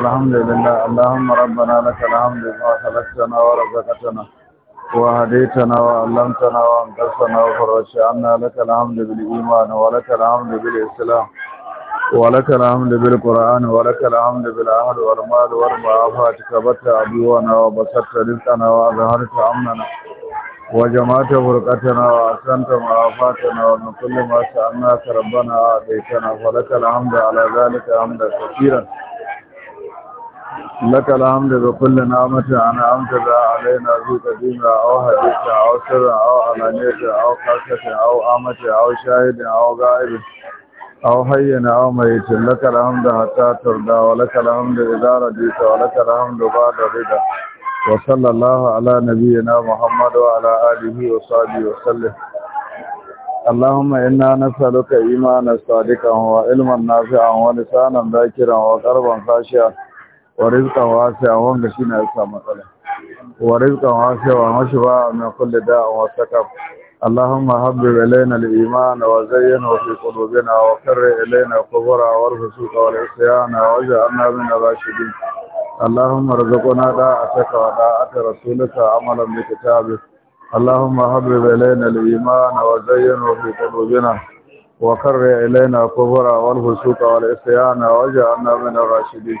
الحمد لله اللهم ربنا لك الحمد بما خلقتنا ورزقتنا وهديتنا وعلمتنا وانقذتنا وفرجت عنا لك الحمد بالايمان ولك الحمد بالاسلام ولك الحمد بالقرآن ولك الحمد بالأهل والمال والمعافات كبت عدونا وبسطت رزقنا وأظهرت أمننا وجمعت فرقتنا وأحسنت معافاتنا ومن كل ما سألناك ربنا أعطيتنا ولك الحمد على ذلك حمدا كثيرا لك الحمد بكل نعمة أنعمت بها علينا ذو قديمة أو حديثة أو سرة أو علانية أو خاصة أو آمة أو شاهد أو غائب أو حينا أو ميت لك الحمد حتى ترضى ولك الحمد إذا رضيت ولك الحمد بعد رضا وصلى الله على نبينا محمد وعلى آله وصحبه وسلم اللهم إنا نسألك إيمانا صادقا وعلما نافعا ولسانا ذاكرا وقربا خاشعا wa rizqa wasi'a wanga shine ya samu matsala wa rizqa wasi'a wa mashba'a min kulli da'a wa sakab Allahumma habbib ilayna al-iman wa zayyinhu fi qulubina wa qarri ilayna al-qubura wa al-fusuqa wa al-isyana wa ij'alna min ar-rashidin اللهم ارزقنا داعة وداعة رسولك عملا بكتابك اللهم حبب إلينا الإيمان وزينه في قلوبنا وقرر إلينا الكفر والفسوق والعصيان واجعلنا من الراشدين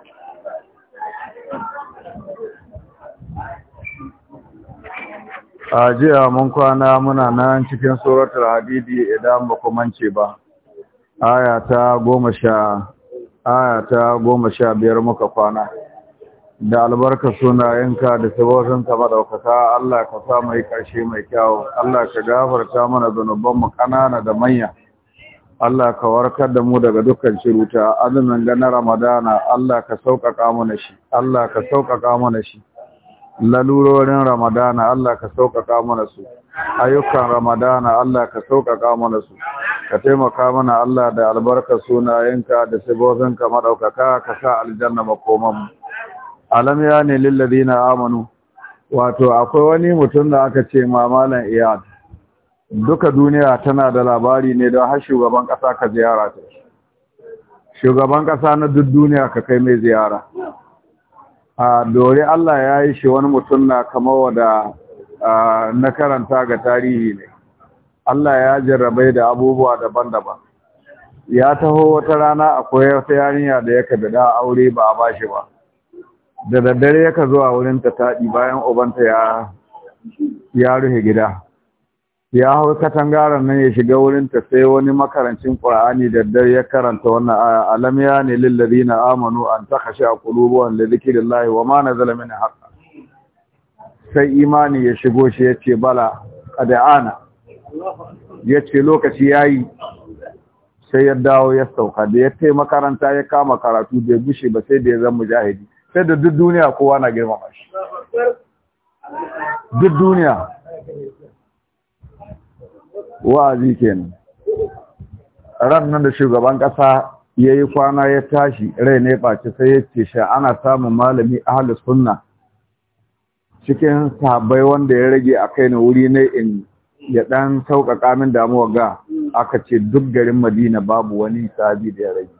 a jiya mun kwana muna nan cikin suratul hadidi idan ba mance ba aya ta goma sha aya ta goma sha biyar muka kwana da albarka sunayenka da ka madaukaka Allah ka sa mai ƙarshe mai kyau, Allah ka gafarta mana mu ƙanana da manya Allah ka warkar da mu daga dukkan shiruta azumin ga na Ramadana Allah ka sauƙaƙa mana shi Allah ka sauƙaƙa mana shi lalurorin ramadana Allah ka sauƙaƙa mana su ayyukan ramadana Allah ka sauƙaƙa mana su ka taimaka mana Allah da albarka sunayenka da sibofinka maɗaukaka ka sa aljanna makoman alam ya ne lillazina amanu wato akwai wani mutum da aka ce ma malam iyad duka duniya tana da labari ne don har shugaban ƙasa ka ziyara ta shugaban ƙasa na duk duniya ka kai mai ziyara a dore Allah ya yi shi wani mutum na kama wada na karanta ga tarihi ne Allah ya jarrabai da abubuwa daban-daban ya taho wata rana akwai wata yarinya da yaka da aure ba a bashi ba da daddare yaka zuwa wurin ta taɗi bayan ubanta ya ya ruhe gida ya hau katangaren nan ya shiga wurin ta sai wani makarancin qur'ani da dare ya karanta wannan aya alam ya ne lil ladina amanu an takhsha qulubuhum li dhikrillahi wa ma nazala min haqq sai imani ya shigo shi yace bala ya yace lokaci yayi sai ya dawo ya sauka da ya tai makaranta ya kama karatu da gushe ba sai da ya zama mujahidi sai da duk duniya kowa na girmama shi duk duniya wa'azi kenan ran nan da shugaban ƙasa ya yi kwana ya tashi rai ne ɓaci sai ya ce sha ana samun malami ahalus sunna cikin sabai wanda ya rage a kai na wuri ne in ya ɗan sauƙaƙa min damuwa ga aka ce duk garin madina babu wani sabi da ya rage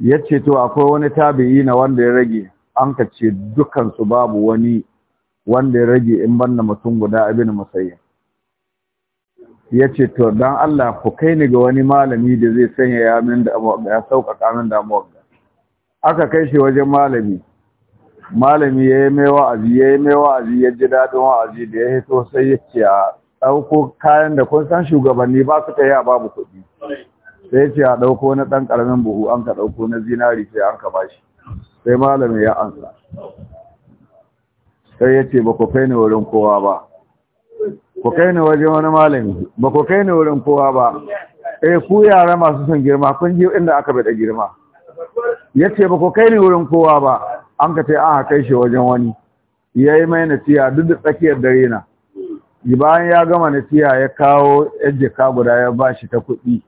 ya ce to akwai wani tabi'i na wanda ya rage an ka ce dukansu babu wani wanda ya rage in banna mutum guda abin masayin ya ce to don Allah ku kai ni ga wani malami da zai sanya ya min da ya sauƙaƙa min damuwa aka kai shi wajen malami malami ya yi mai wa'azi ya yi mai wa'azi ya ji daɗin wa'azi da ya hito sai ya ce a ɗauko kayan da kun san shugabanni ba su kai a babu kuɗi sai ya ce a ɗauko na ɗan ƙaramin buhu an ka ɗauko na zinari sai an ka bashi sai malami ya ansa sai ya ce ba ku kai ni wurin kowa ba ku kai ni waje wani malami ba ku kai ni wurin kowa ba eh ku yara masu son girma kun ji inda aka bada girma yace ba ku kai ni wurin kowa ba an ka ce aka kai shi wajen wani yayi mai nasiya duk da tsakiyar dare na bayan ya gama nasiya ya kawo jaka guda ya bashi ta kuɗi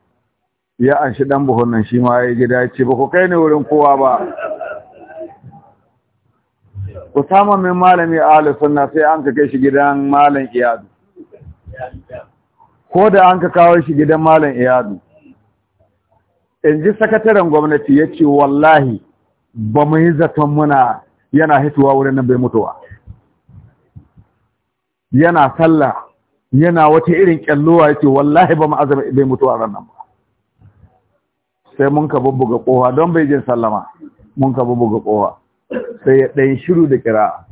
ya anshi dan buhun nan shi ma yi gida ya ce ba ku kai ni wurin kowa ba Usama min malami ahli sunna sai an ka kai shi gidan malam Iyadu ko da an ka kawo shi gidan malam Iyadu in ji sakataren gwamnati ya ce wallahi ba mu yi zaton muna yana hituwa wurin nan bai mutuwa yana sallah yana wata irin kyalluwa ya ce wallahi ba mu azaba bai mutuwa ran nan ba sai mun ka bubbuga kowa don bai jin sallama mun ka bubbuga kowa sai ya ɗan shiru da ƙira'a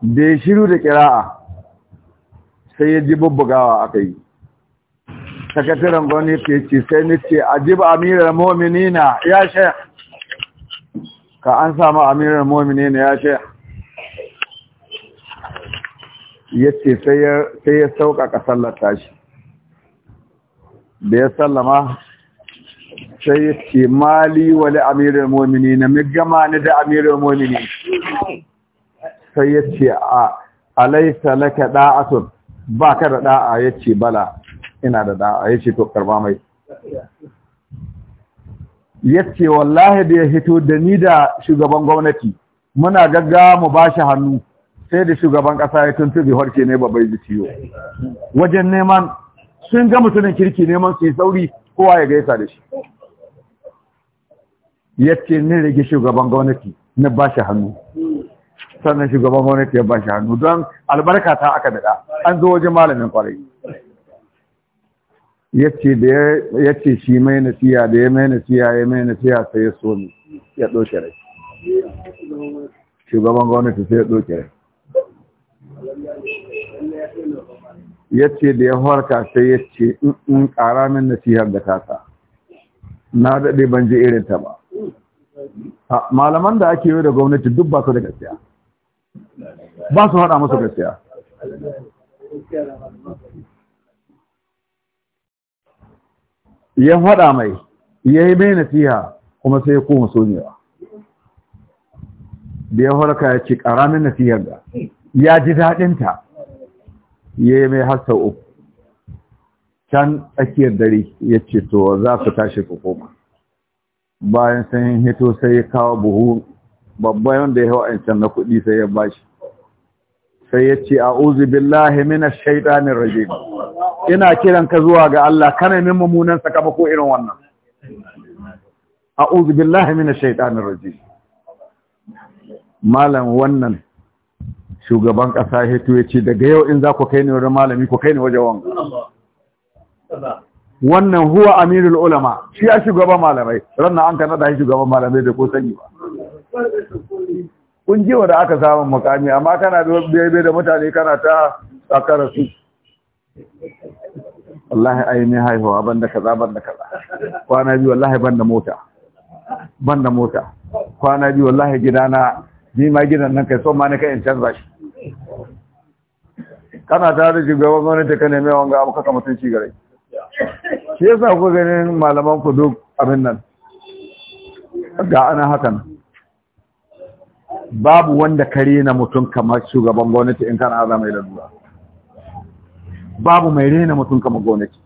da ya shiru da ƙira'a sai ya ji bubbugawa aka yi sakataren gwamnati ya ce sai ni ce ajib amirar mominina ya shaya ka an samu amirar mominina ya shaya ya ce sai ya sauƙaƙa sallar tashi da ya sallama sai ya ce mali wani amirin momini na migama ni da amirin momini sai ya ce a alaisa laka da'atun ba ka da da'a ya ce bala ina da da'a ya ce to ba mai ya ce wallahi da ya hito da ni da shugaban gwamnati muna gaggawa mu ba shi hannu sai da shugaban kasa ya tuntubi harke ne babai da ciwo wajen neman sun ga mutumin kirki neman su yi sauri kowa ya gaisa da shi ya ce ni rage shugaban gwamnati na ba shi hannu sannan shugaban gwamnati ya ba shi hannu don albarka ta aka daɗa an zo wajen malamin kwarai ya ce shi mai nasiya da ya mai nasiya ya mai nasiya sai ya so ne ya ɗauke rai shugaban gwamnati sai ya ɗauke rai ya ce da ya harka sai ya ce in ƙara min nasihar da kasa na daɗe ban je irin ta ba malaman da ake yi da gwamnati duk ba su da gaskiya ba su haɗa musu gaskiya ya haɗa mai ya yi mai nasiha kuma sai ya koma sonewa da ya harka ya ce ƙara min nasihar da ya ji daɗinta ya yi mai har sau uku can tsakiyar dare ya ce to za ku tashi ku koma bayan sun hito sai ya kawo buhu babba wanda ya hawa can na kuɗi sai ya bashi sai ya ce a uzu billahi mina shaidanin raje ina kiran ka zuwa ga Allah kana min mummunan sakamako irin wannan A uzu billahi mina shaidanin raje malam wannan shugaban ƙasa hito ya ce daga yau in za ku kai ni wajen malami ku kai ni wajen wanga wannan huwa amirul ulama shi ya shugaban malamai ranar an kana da shugaban malamai da ko sani ba kun jiwa da aka samun makami amma kana bebe da mutane kana ta tsakara su wallahi ne haihuwa ban da kaza ban da kaza kwana biyu wallahi da mota Ban da mota kwana biyu wallahi gidana ni ma gidan nan kai so ma ni kai in canza shi kana ta da shugaban gwamnati ka neme wanga abu kaka mutunci gare shi sa ku ganin malaman ku duk abin nan ga ana hakan babu wanda kare na mutum kamar shugaban gwamnati in kana za mai lalura babu mai rena mutum kamar gwamnati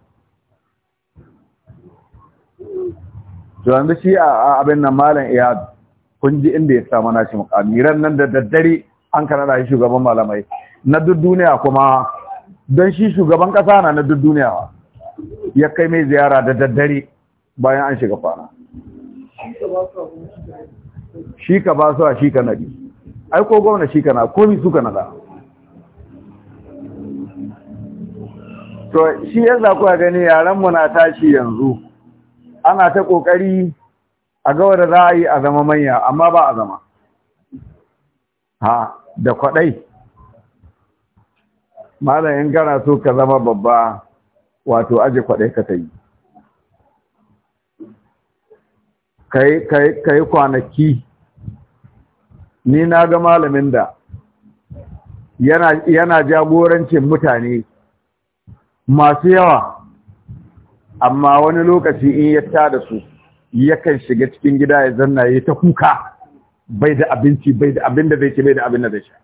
to yanzu shi a abin nan malam iya kun ji inda ya samu shi mukami ran nan da daddare an kana da shugaban malamai na duk duniya kuma don shi shugaban kasa na na duk duniya ya kai mai ziyara da daddare bayan an shiga fara shi ka ba su a shi ka nadi ai ko gwamna shi ka na komi su ka nada to shi yasa kuwa gani yaranmu na tashi yanzu ana ta kokari a ga wanda za a yi a zama manya amma ba a zama ha da kwaɗai malam in gana so ka zama babba wato aje kwaɗai ka ta yi ka yi kwanaki ni na ga malamin da yana jagorancin mutane masu yawa amma wani lokaci in ya tada su yakan shiga cikin gida ya zanna ya ta kuka bai da abinci bai da abin da zai ci bai da abin da zai sha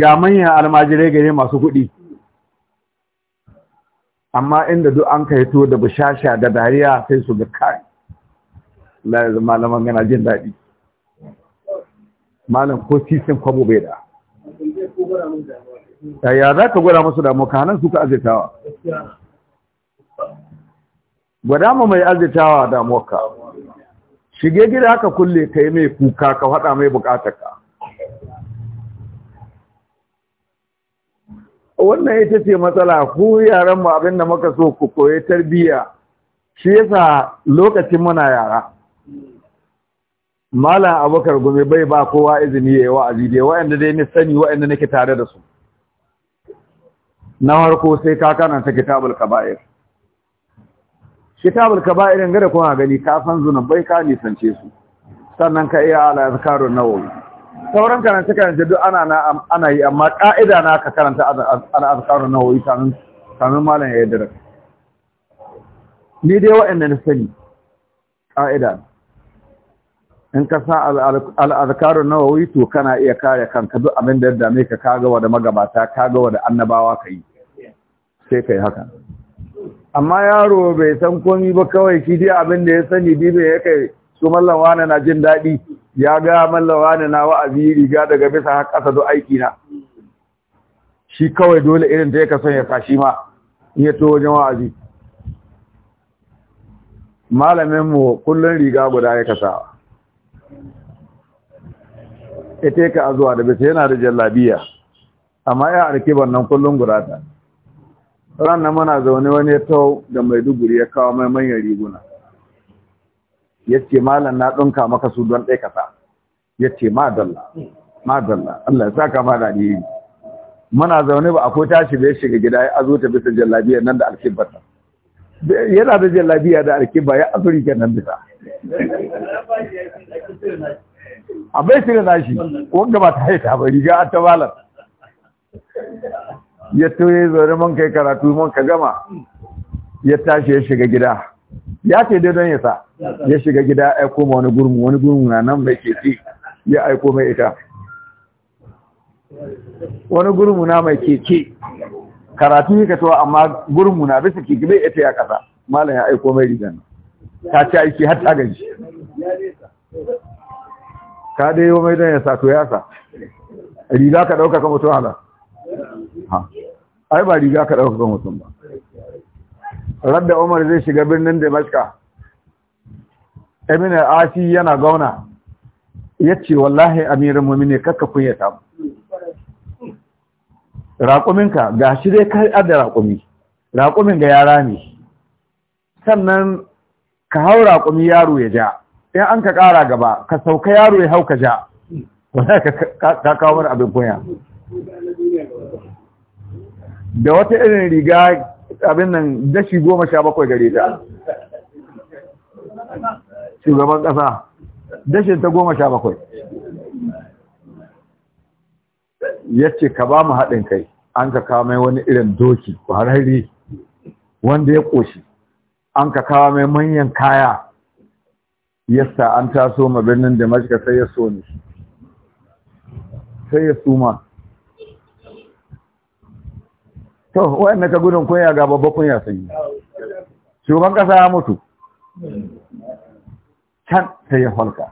ga manyan almajirai gare masu kuɗi amma inda duk an ka hito da bushasha da dariya sai su ga kai malaman gana jin daɗi malam ko sisin kwabo bai da eh, ya za ka gwada musu damu ka hannun suka azirtawa gwada mu mai azirtawa ka? shige gida ka kulle kai mai kuka ka faɗa mai ka. wannan ita ce matsala ku yaran mu abin da muka so ku koyi tarbiyya shi yasa lokacin muna yara malam abokar gumi bai ba kowa izini ya yi wa'azi dai wa'anda dai ni sani wa'anda nake tare da su na harko sai ka karanta kitabul kaba'ir kitabul kaba'irin gada kuma gani ka san zunubai ka nisance su sannan ka iya ala azkarun nawawi sauran karanta karanta duk ana na ana yi amma ka'ida na ka karanta ala azkarun nawawi kamin kamin malam ya yarda ni dai wa'annan na sani ka'ida in ka sa al'azkarun nawawi to kana iya kare kanka duk abin da ya dame ka kaga wa da magabata kaga wa da annabawa ka yi sai ka yi haka amma yaro bai san komi ba kawai shi dai abin da ya sani bibi ya kai su mallan wani na jin daɗi ya ga mallan wani na wa'azi riga daga bisa har ƙasa do aiki na shi kawai dole irin da ya son ya fashi ma in ya to wajen wa'azi malamin mu kullun riga guda ya kasa ita ka azuwa da bisa yana da jallabiya amma ya arkiban nan kullun guda ta ranar mana zaune wani ya tau da maiduguri ya kawo mai manyan riguna ya ce malam na ɗunka maka su don ɗai kasa ya ce madalla madalla Allah ya sa k'a ma daɗi yi. Mana zaune ba ko tashi bai shiga gida ya azo ta bisa jallabiya nan da alkibar yana da jallabiya da alkibar ya rike nan bisa a bai shi da nashi wanda ba ta haita ba riga ta malam ya toye zaune man kai karatu man ka gama ya tashi ya shiga gida ya ce dai don ya sa ya shiga gida ya aiko ma wani gurmu wani gurmu na nan mai keke ya aiko mai ita wani gurmu na mai keke karatu ne ka to amma gurmu na bisa keke bai ita ya kasa malam ya aiko mai rigan ta ci aiki har ta gaji ka dai wa mai don ya sa to ya sa riga ka ɗauka ka mutu hala ha ai ba riga ka dauka mutum ba radda umar zai shiga birnin damascus Amina asi yana gauna yace wallahi amirin mu'mini kakka kunya ta raƙuminka gashi dai kai adda raƙumi raƙumin ga yara ne sannan ka hau raƙumi yaro ya ja in an ka kara gaba ka sauka yaro ya hau ka ja ka kawo mana abin koya. da wata irin riga abin nan dashi goma sha bakwai gare ta shugaban ƙasa dashi ta goma sha bakwai ya ce ka ba mu haɗin kai an ka kawo mai wani irin doki ƙwararri wanda ya ƙoshi an ka kawo mai manyan kaya yasta an taso ma birnin da majika sai ya so ne sai ya suma to wayanne ka gudun kunya ga babban kunya sun yi shugaban kasa ya mutu can sai ya halka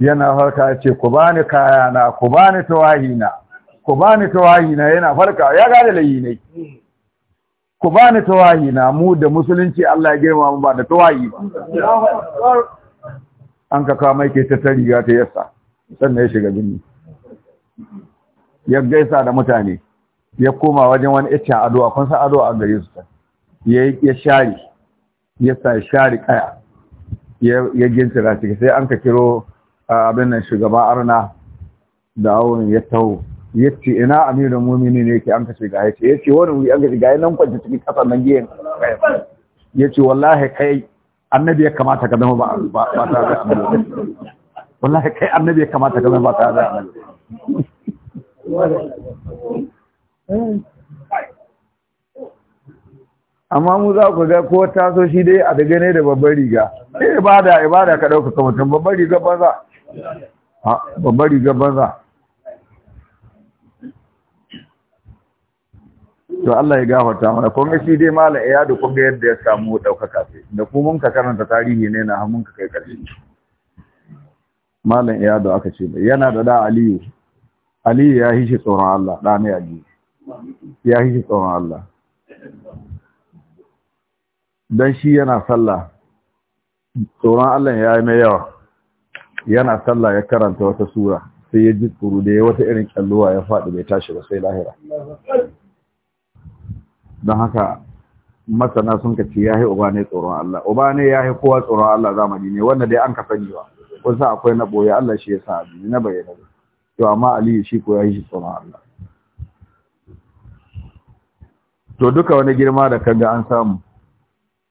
yana halka ya ce ku bani kayana ku bani tawahina ku bani tawahina yana halka ya gane layi ne ku bani tawahina mu da musulunci Allah ya girma mu ba da tawahi ba an ka kawo mai ke ta riga ta yasa sannan ya shiga gini ya gaisa da mutane ya koma wajen wani ita ado a kunsa ado a gare su ya share ya sa share kaya ya gintira ciki sai an ka kiro abin nan shugaba arna da awon ya taho ya ce ina amirin mumini ne yake an ka shiga ya ce ya ce wani wuri an ka shiga ya nan kwanci cikin kasan nan giyan ya ce wallahi kai annabi ya kamata ka zama ba tare da annabi wallahi kai annabi ya kamata ka zama ba tare da annabi amma mu za ku ga ko taso shi dai a daga ne da babbar riga sai eh, ibada ibada ka dauka kamar tun. babbar riga banza a babbar riga banza to Allah ya gafarta mana kun ga shi dai mala ya da kun ga yadda ya samu daukaka sai da ku mun ka karanta tarihi ne na mun ka kai karshe malam iyado aka ce yana da da aliyu aliyu ya hishi tsoron Allah da ne aliyu ya yi tsoron Allah don shi yana sallah tsoron Allah ya yi mai yawa yana sallah ya karanta wata sura sai ya ji tsoro da ya wata irin kyalluwa ya faɗi mai tashi ba sai lahira don haka masana sun ka ce ya yi uba ne tsoron Allah uba ne ya yi kowa tsoron Allah zamani ne wanda dai an ka sani ba wasu akwai na ɓoye Allah shi ya sa abin na bayyana to amma Aliyu shi ko ya yi shi tsoron Allah to duka wani girma da kaga an samu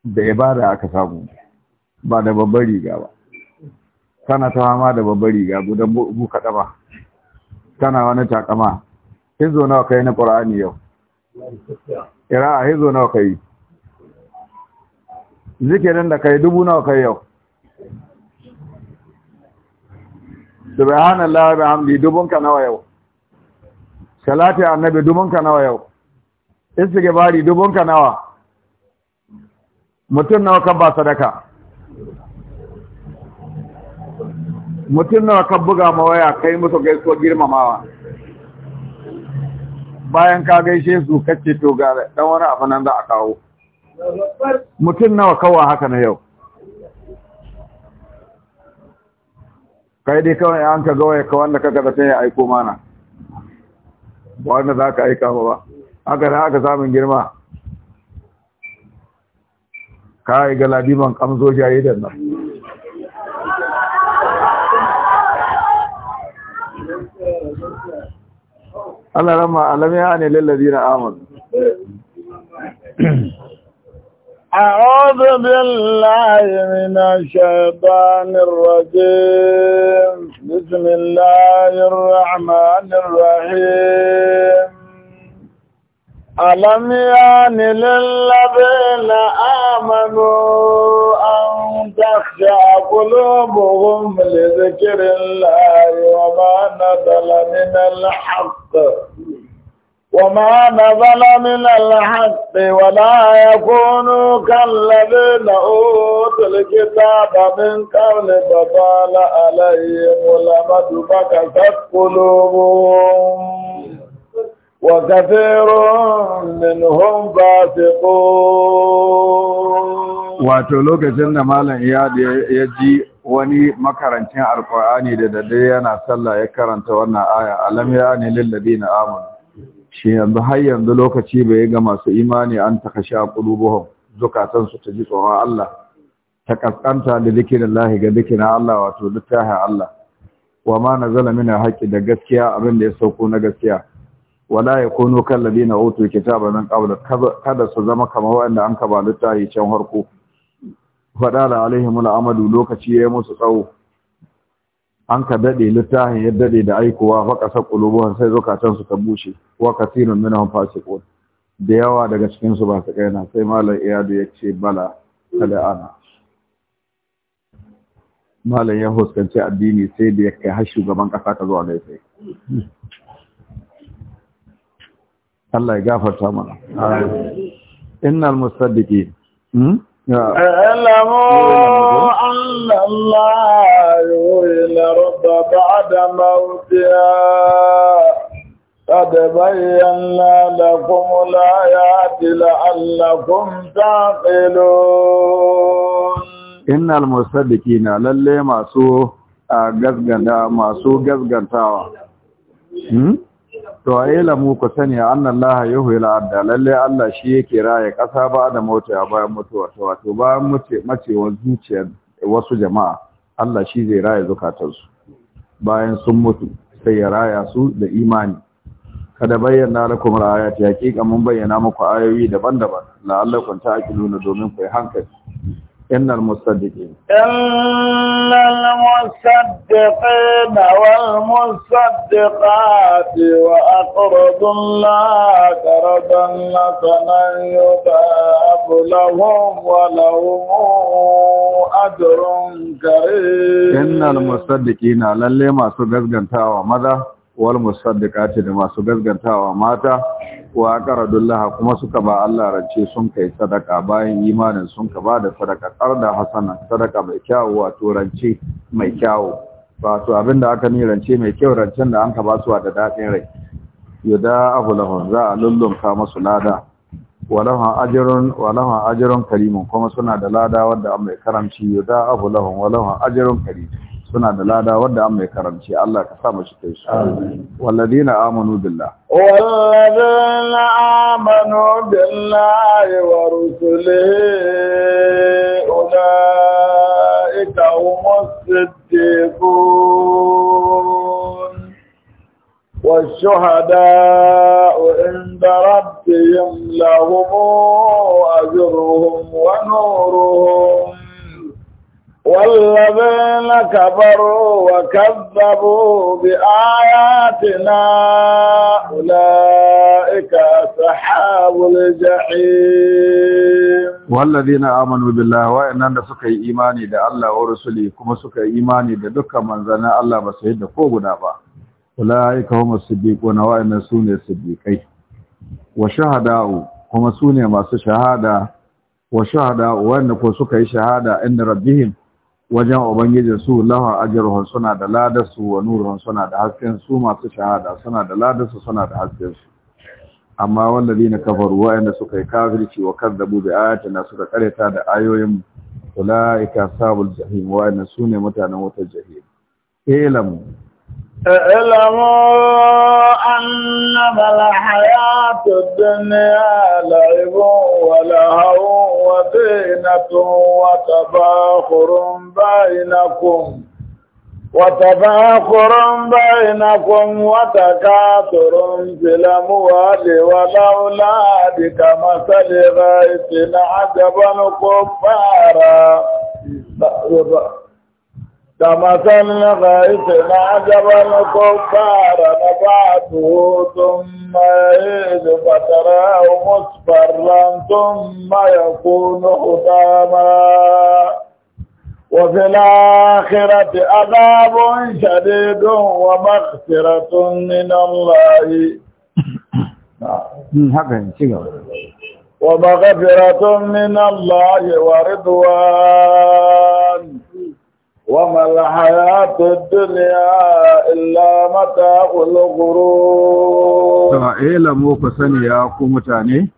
da ibada aka samu ba da babbar riga ba kana ta hama da babbar riga gudan buka ba kana wani takama hizo nawa kai na qur'ani yau ira hizo nawa kai zikirin da kai dubu nawa kai yau subhanallahi wa bihamdi dubun ka nawa yau salati annabi dubun ka nawa yau istighfari dubun ka nawa mutum nawa kan ba sadaka mutum nawa kan buga ma waya kai musu gaiso girmamawa bayan ka gaishe su ce to ga dan wani abu nan za a kawo mutum nawa kawa haka na yau kai dai kawai an ka zo ya ka wanda ka da sai ya aiko mana ba wanda za ka aika ba haka na aka samun girma kayi galadiman kamzo jaye jaridar nan Allah rama alamiya ne lallazina amanu أعوذ بالله من الشيطان الرجيم بسم الله الرحمن الرحيم ألم يعن للذين آمنوا أن تخشع قلوبهم لذكر الله وما نزل من الحق وما نزل من الحق ولا يكونوا كالذين أوتوا الكتاب من قبل فطال عليهم ولم فكست قلوبهم وكثير منهم فاسقون wato lokacin da malam iyad ya ji wani makarancin alkur'ani da Dade yana sallah ya karanta wannan aya alam ya ne na amanu shi yanzu har yanzu lokaci bai ga masu imani an takasha qulubuhum zukatan su ta ji tsoron Allah ta kaskanta da zikirin lahi ga zikirin Allah wato littafin Allah wa ma nazala min haqqi da gaskiya abin da ya sauko na gaskiya wala ya kono kan ladina otu kitaba banan qabl kada su zama kamar wanda an kaba littafi can harko fada da alaihimul amadu lokaci yi musu tsawo an ka dade littafin ya dade da aikowa fa kasar qulubuhum sai zukatan su ta bushe wa kathirun minhum fasiqun da yawa daga cikin su ba su kaina sai malam iyadu ya ce bala kada ana malam ya huskanci addini sai da ya kai har shugaban kasa ka zuwa gaisai Allah ya gafarta mana. Innal musaddiqin. Hmm? Allah Allah Allah ila rabba ba'da mawtiha. Qad bayyana lakum al-ayati la'allakum taqilun. Innal musaddiqin lalle masu ah, gazganta masu gazgantawa. Hmm? to ayyala mu ku sani laha ya yuhyil la'adda lalle Allah shi yake raya kasa ba da mota a bayan mutuwa to wato bayan mace macewar zuciyar wasu jama'a Allah shi zai raya zukatarsu bayan sun mutu sai ya raya su da imani kada bayyana lakum ayati yaƙi mun bayyana muku ayoyi daban-daban la'allakum ta'qiluna domin ku yi hankali إن المصدقين إن المصدقين والمصدقات وأقرض الله قرضا حسنا يباب لهم ولهم أجر كريم إن المصدقين للي ما سجزغنتاوا ماذا والمصدقات لما سجزغنتاوا ماتا wa aqradullaha kuma suka ba Allah rance sun kai sadaka bayan imanin sun ka ba da sadaka tsarda hasana sadaka mai kyau wato rance mai kyau wato abinda aka ni rance mai kyau rancen da an ka ba su da dadin rai yuda abu lahum za a ka masu lada walahun ajirun walahun ajirun karimun kuma suna da lada wanda an mai karamci yuda abu lahum walahun ajirun karimun suna da lada wadda an mai karamci Allah ka sa mashi kai su walladina amanu billah walladina amanu billahi wa rusulihi ulaika humus siddiqun والشهداء عند ربهم لهم أجرهم ونورهم والذين كفروا وكذبوا بآياتنا أولئك أصحاب الجحيم والذين آمنوا بالله وإننا سكي إيماني دا الله ورسوله كما سكي إيماني دا دكا من زنا الله بسيد فوقنا با أولئك هم الصديقون وإن سوني الصديقين وشهداء كما سوني ما سشهادا وشهداء وإن كو سكي شهادا إن ربهم wajen ubangijin su laha ajruhum suna da ladarsu wa nuruhum suna da hasken su masu shahada suna da ladarsu suna da hasken su amma na kafar wa'anda suka yi kafirci wa da ayatun na suka karyata da ayoyin kulaika sabul jahim su ne mutanen wutar jahim ilamu اعلموا an na الدنيا لعب وزينة وتباخر بينكم وتباخر بينكم وتكاثر في الأموال والأولاد كمثل غيث عجبا كفارا كمثل غيث أعجب الكفار نباته ثم يعيد فتراه مصفرا ثم يكون حطاما وفي الآخرة عذاب شديد ومغفرة من الله ومغفرة من الله ورضوان وما الحياة الدنيا إلا متاع الغرور اعلموا فسني يا متاني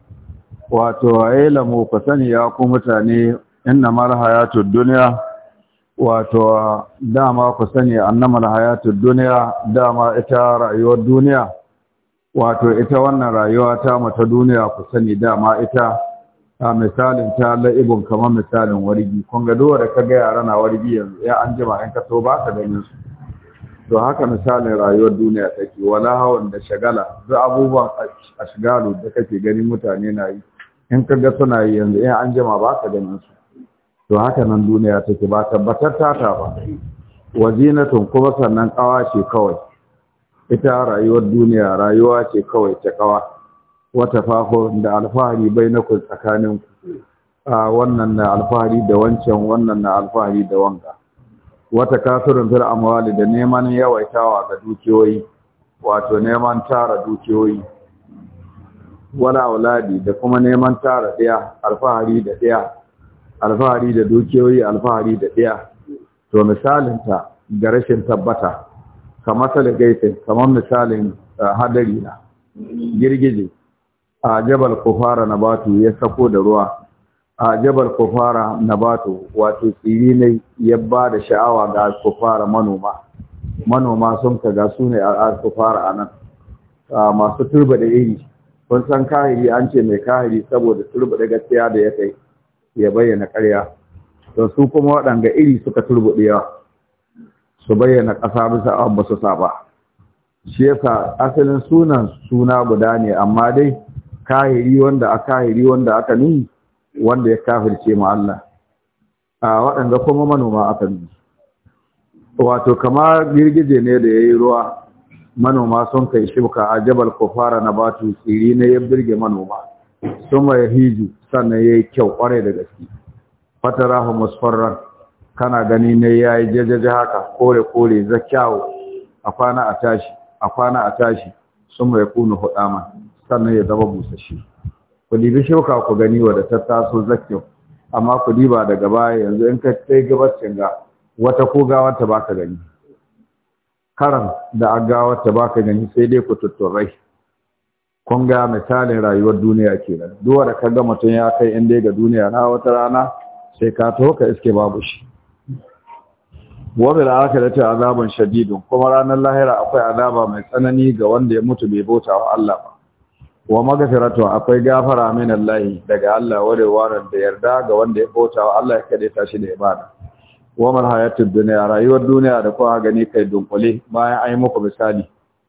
wato ailamu ku sani ya ku mutane inna mal hayatud dunya wato dama ku sani annamal hayatud dunya dama ita rayuwar duniya wato ita wannan rayuwa ta mata duniya ku sani dama ita a misalin ta la'ibun kamar misalin wargi kun ga duwa da ka ga yara na wargi yanzu ya an jima in ka ba ka ganin su to haka misalin rayuwar duniya take wala hawan da shagala duk abubuwan a shigalo da kake ganin mutane na yi in ka ga suna yi yanzu ya an jima ba ka ganin su to haka nan duniya take ba tabbatar ta ta ba wazinatun kuma sannan kawa ce kawai ita rayuwar duniya rayuwa ce kawai ta kawa wata fakhur da alfahari tsakanin tsakaninku wannan na alfahari da wancan wannan na alfahari da wanga wata kasurin fil amwali da neman yawaitawa ga dukiyoyi wato neman tara dukiyoyi wala auladi da kuma neman tara daya alfahari da daya alfahari da dukiyoyi alfahari da daya to misalinta ga rashin tabbata kamar salgaitin, kamar misalin eh, hadari na girgije a jabal kufara nabatu ya sako da ruwa a jabal kufara nabatu wato tsiri ne ya ba da sha'awa ga kufara manoma manoma sun ga su ne a kufara anan masu turba da iri kun san kahiri an ce mai kahiri saboda turba da gaskiya da ya kai ya bayyana karya to su kuma waɗanga iri suka da yawa su bayyana ƙasa bisa abin ba su saba shi yasa asalin sunan suna guda ne amma dai kahiri wanda a kahiri wanda aka ni wanda ya kafirce ma Allah a waɗanda kuma manoma aka ni wato kama girgije ne da ya yi ruwa manoma sun kai shibka a jabal kofara na batu tsiri na ya birge manoma sun mai hiju sannan ya yi kyau kwarai da gaske fatara hu musfarran kana gani ne ya yi jajaja haka kore kore za a kwana a tashi a kwana a tashi sun mai kunu hudama sannan ya zama busashi ku ɗibi shauka ku gani wadda ta taso zakin amma ku diba daga baya yanzu in ka tsaye gabacin ga wata ko gawarta ba ka gani karan da a ta ba ka gani sai dai ku tutturai kun ga misalin rayuwar duniya nan, duk wanda ka ga mutum ya kai inda ga duniya na wata rana sai ka taho ka iske babu shi da ta azabun shadidun kuma ranar lahira akwai azaba mai tsanani ga wanda ya mutu bai bauta wa Allah ba wa magfiratu akwai gafara min Allah daga Allah wa warar da yarda ga wanda ya bauta wa Allah ya kade ta shi da ibada wa mal hayatud dunya rayuwar duniya da kowa gani kai dunkule bayan ai muku misali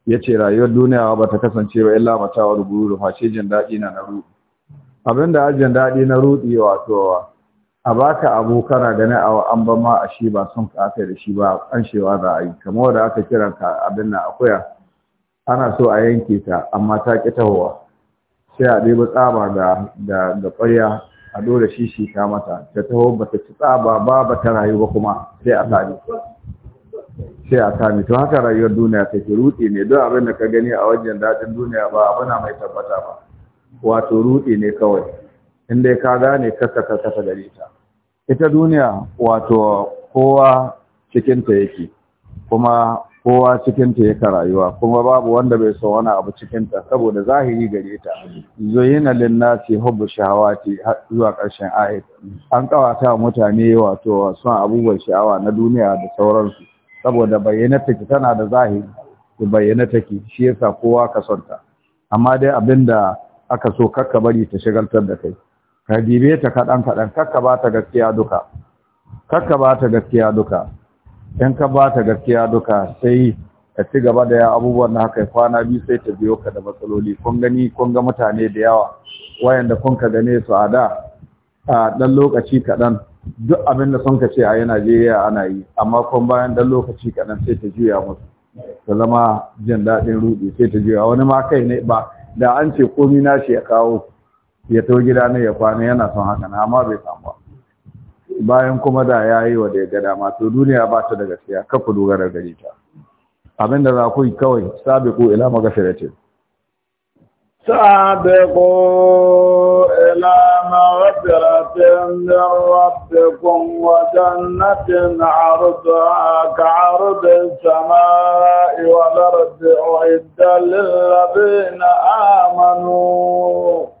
yace rayuwar duniya ba ta kasance ba illa rubu da fashe jin dadi na naru abinda ajin dadi na ruɗi wato a baka abu kana gani a an ba ma a shi ba sun ka da shi ba an shewa za a yi kamar da aka kiran ka abin nan akuya ana so a yanke ta amma ta ki tahowa sai a ɗaya tsaba da ga ƙwarya a dole shi shi ka mata ta taho ba ta ci tsaba ba ba ta rayu kuma sai a sami sai a sami to haka rayuwar duniya ta ke rutse ne don abin da ka gani a wajen daɗin duniya ba abu na mai tabbata ba wato rutse ne kawai in dai ka gane kasa kasa ta gare ta ita duniya wato kowa cikinta yake kuma kowa cikinta ta yake rayuwa kuma babu wanda bai so wani abu cikinta saboda zahiri gare ta zuyina nasi hubbu shahawati zuwa karshen ayat an kawata mutane wato son abubuwan sha'awa na duniya da sauransu saboda bayyana take tana da zahiri ku bayyana take shi yasa kowa ka son amma dai abinda aka so kakka bari ta shagaltar da kai ka dibe ta kaɗan kaɗan kakka ba ta gaskiya duka kakka ba ta gaskiya duka in ka ba ta gaskiya duka sai ka ci gaba da ya abubuwan na haka kwana biyu sai ta biyo ka da matsaloli kun gani kun ga mutane da yawa wayanda kun ka gane su a da a dan lokaci kaɗan duk abin da sun ka ce a yi Najeriya ana yi amma kun bayan dan lokaci kadan sai ta juya musu ta zama jin daɗin rubi sai ta juya wani ma kai ne ba da an ce komi na shi ya kawo ya to gida ne ya kwana yana son haka na amma bai samu ba bayan kuma da ya yi wa da gada duniya ba ta da gaskiya kafa dogara gare ta abin da za ku yi kawai sabiku ila magafiratin sabiku ila magafiratin da rabbikun wa jannatin arzu a ka arzun sama iwalar da uhidda lillabi na amanu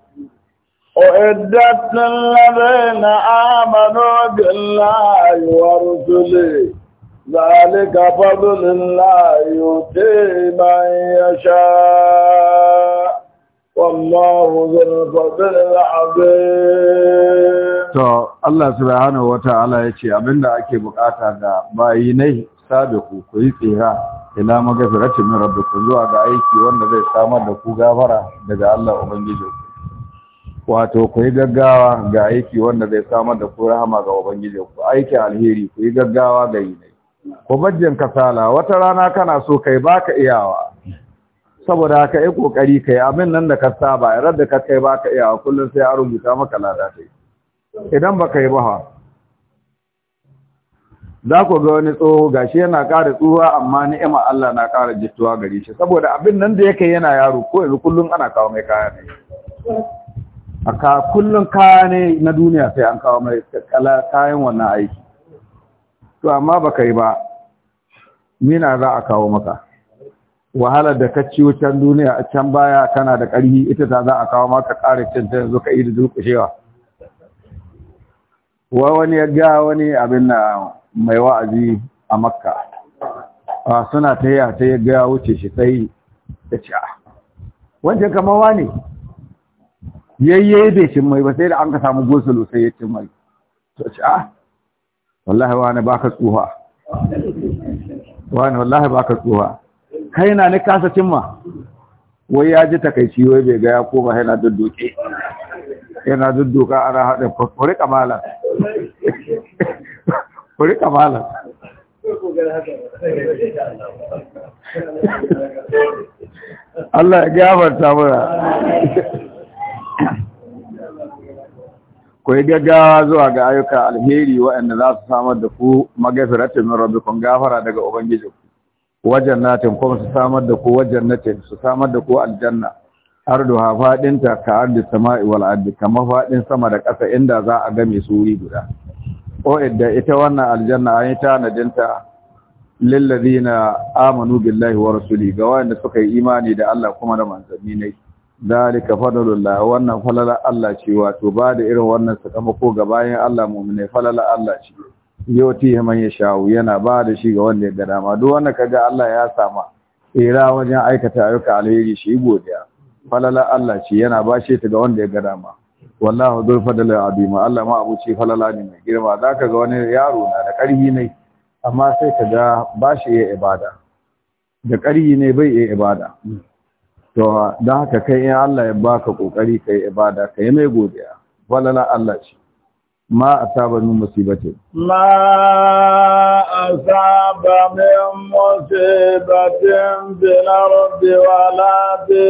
أعدت للذين آمنوا بالله ورسله ذلك فضل الله يؤتيه من يشاء والله ذو الفضل العظيم to Allah subhanahu wataala yace abinda ake buƙata ga bayi nai sabiku ku yi tsira ila magfiratin min rabbikum zuwa ga aiki wanda zai samar da ku gafara daga Allah ubangijinku wato ku yi gaggawa ga aiki wanda zai samar da ku rahama ga ubangiji ku aiki alheri ku yi gaggawa ga yi ku bajjin kasala wata rana kana so kai baka iyawa saboda haka yi kokari kai abin nan da ka saba irar da ka kai baka iyawa kullum sai a rubuta maka lada kai idan baka yi ba za ku ga wani tsoho Ga shi yana ƙara tsuwa amma ni'ima Allah na ƙara jittuwa gare shi saboda abin nan da yake yana yaro ko yanzu kullum ana kawo mai kaya ne a ka kullum kaya ne na duniya sai an kawo mai kala kayan wannan aiki to amma baka yi ba mina za a kawo maka wahalar da ka ci wucan duniya a can baya kana da ƙarfi ita ta za a kawo maka ƙarar cin ta yanzu ka yi da durƙushewa wa wani ya ga wani abin na mai wa'azi a makka suna ta yi a ta yi ga wuce shi sai ya ci a ah, wancan kamar wani yayye bai cin mai ba sai da an ka samu gosulo sai ya cin mai to ci ah wallahi wani baka tsuha wani wallahi baka tsuha kai na ni kasa cimma wai ya ji takaici wai bai ga ya koma yana dudduke yana dudduka ana haɗa kuri kamala kuri kamala Allah ya gafarta mana ku yi gaggawa zuwa ga ayyuka alheri waɗanda za su samar da ku magafiratun min rabbikum gafara daga ubangiji wajen natin kuma su samar da ku wajen natin su samar da ku aljanna arduha fadinta ka ardi sama'i wal ardi kamar fadin sama da ƙasa inda za a ga su wuri guda o idda ita wannan aljanna an yi tanadinta lillazina amanu billahi wa rasuli ga wanda suka yi imani da Allah kuma da manzanni ne dalika fadlullah wannan falala Allah ce wato ba da irin wannan sakamako ga bayan Allah mu'mine falala Allah ce yoti man ya shawo yana ba da shi ga wanda ya ga dama duk wanda kaga Allah ya sama ira wajen aikata ayyuka alheri shi godiya falala Allah ce yana ba shi ta ga wanda ya ga dama wallahu dhul fadli adima Allah ma abuci falala ne mai girma zaka ga wani yaro na da karhi ne amma sai kaga ba shi ya ibada da karhi ne bai ya ibada to don haka kai in Allah ya baka kokari kai ibada kai mai godiya walala Allah ce ma asaba min musibati ma asaba min musibatin bil wa wala bi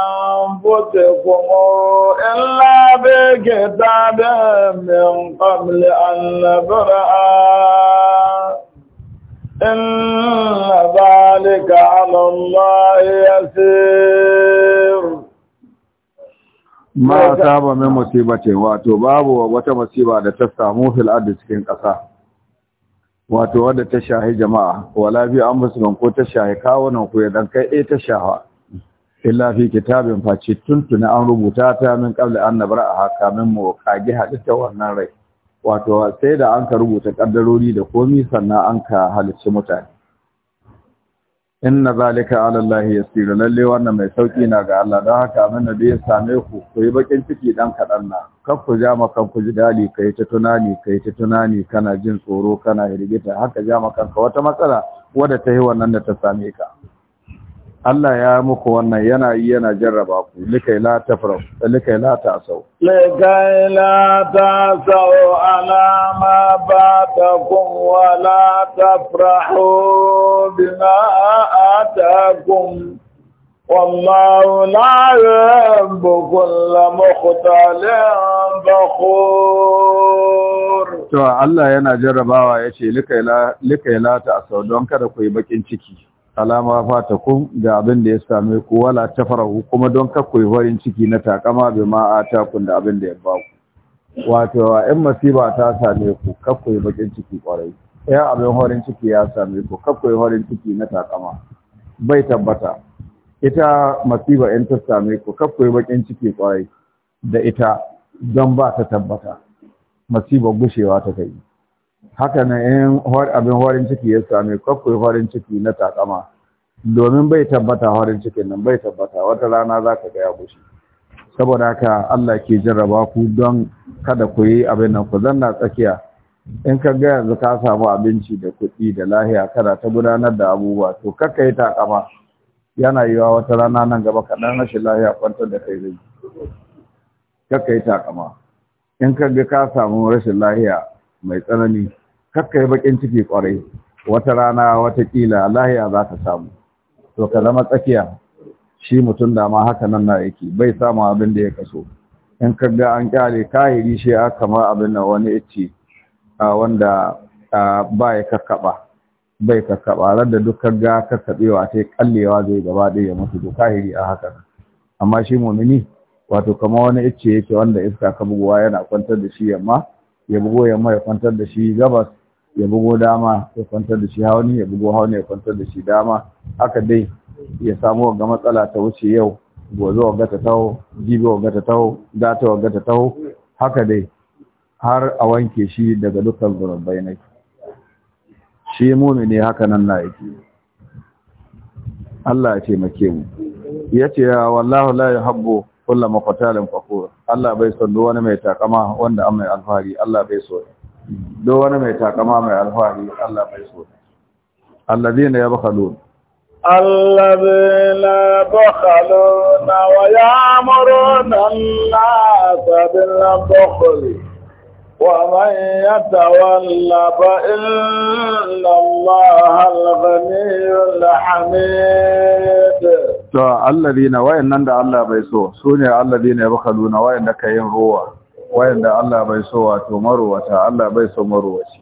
anfusikum illa bi kitabin min qabl an nabra'a إن ذلك على الله يسير ma saba min wato babu wata masiba da ta samu fil ardi cikin ƙasa wato wadda ta shahi jama'a wala fi anfusikum ko ta shahi kawunan ku ya dan kai eh ta shaha illa fi kitabin face tuntuna an rubuta ta min qabla an nabra'a haka min mu kage hadita wannan rai wato sai da an ka rubuta ƙaddarori da komi sannan an ka halicci mutane inna zalika ala Allah yasir lalle wannan mai sauki na ga Allah don haka abin da ya same ku ku yi bakin ciki dan kaɗan na kar ku ja makan ku ji dali kai ta tunani kai ta tunani kana jin tsoro kana hirgita haka ja makan ka wata matsala wadda ta yi wannan da ta same ka Allah ya muku wannan yana yi yana jarraba ku likai la tafrau likai la ta'sau likai la ta'sau ala ma batakum wa la tafrahu bima atakum wallahu la يحب كل mukhtalin فخور to Allah yana jarrabawa yace likai la likai la ta'sau don kada ku yi bakin ciki alama fata kun da abin da ya same ku wala ta farahu kuma don kakkoi farin ciki na takama bai ma a kun da abin da ya ba ku wato yan masiba ta same ku yi bakin ciki kwarai ya abin farin ciki ya same ku yi farin ciki na takama bai tabbata ita masiba 'yan ta same ku yi bakin ciki kwarai da ita don ba ta tabbata masiba gushewa ta kai haka nan in abin horin ciki ya sami kwakwai horin ciki na takama domin bai tabbata horin cikin nan bai tabbata wata rana za ka ga ya saboda haka Allah ke jarraba ku don kada ku yi abin nan ku zanna tsakiya in ka ga yanzu ka samu abinci da kuɗi da lahiya kada ta gudanar da abubuwa to kakka yi takama yana yiwa wata rana nan gaba kaɗan rashin lahiya kwantar da kai zai kakka yi takama in ka ga ka samu rashin lahiya mai tsanani kakka yi bakin ciki kwarai wata rana wata kila, lahiya za ka samu to ka zama tsakiya shi mutum da ma haka nan na yake bai samu abin da ya kaso in ka ga an kyale kayiri shi a kamar abin da wani ice wanda ba ya kakkaba bai kakkaba ran da duk ga kakkabewa sai kallewa zai gaba ɗaya ya mutu to kahiri a haka amma shi mumini wato kamar wani ice yake wanda iska ka buguwa yana kwantar da shi yamma ya bugo yamma ya kwantar da shi gabas ya bugo dama ya kwantar da shi hauni ya bugo hauni ya kwantar da shi dama haka dai ya samu ga matsala ta wuce yau gobe ga ta taho jibi ga ta taho gata ga ta taho haka dai har a wanke shi daga dukkan zurabbai na shi mumini haka nan na yake Allah ya taimake mu yace wallahu la yuhibbu kulla mafatalin fakura Allah bai son duk wani mai takama wanda an mai alfahari Allah bai so duk wani mai takama mai alfahari Allah bai so allazina yabkhalun الذين يبخلون ويأمرون الناس بالبخل ومن يتولى فإن الله الغني الحميد to alladina wayannan da Allah bai so sune alladina yabkhaluna wayanda kayin ruwa wayanda Allah bai so wato marwata Allah bai so marwaci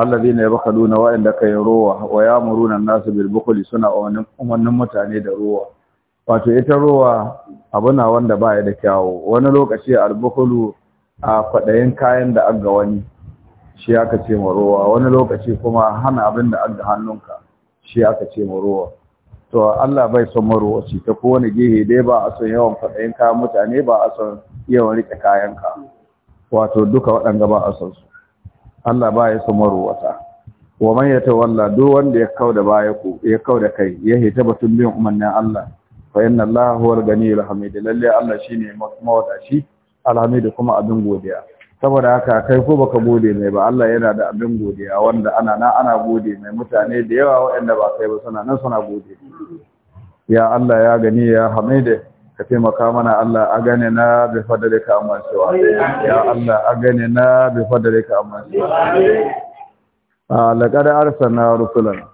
alladina yabkhaluna wayanda kayin ruwa wayamuruna nasu mutane da ruwa wato ita ruwa abuna wanda ba baya da kyau. wani lokaci albukulu a kwaɗayin kayan da aga wani shi aka ce ruwa. wani lokaci kuma hana abin da aga hannunka shi aka ce ruwa. to Allah bai son shi ta wani gehe dai ba a son yawan kwaɗayin kayan mutane ba a son yawan riƙe kayanka wato duka waɗanda ba a son su Allah ba ya son ta wa man yatawalla duk wanda ya kauda baya ku ya kauda kai ya hita batun bin umarnin Allah fa inna Allah huwal ganiyul hamid lalle Allah shine mawadashi alhamidu kuma abin godiya saboda haka kai ko baka gode mai ba Allah yana da abin godiya wanda ana na ana gode mai mutane da yawa waɗanda ba kai ba suna nan suna gode ya Allah ya gani ya hamide ka taimaka mana Allah a gane na bi fadalika amma cewa ya Allah a gane na bi fadalika amma cewa laqad arsalna rusulana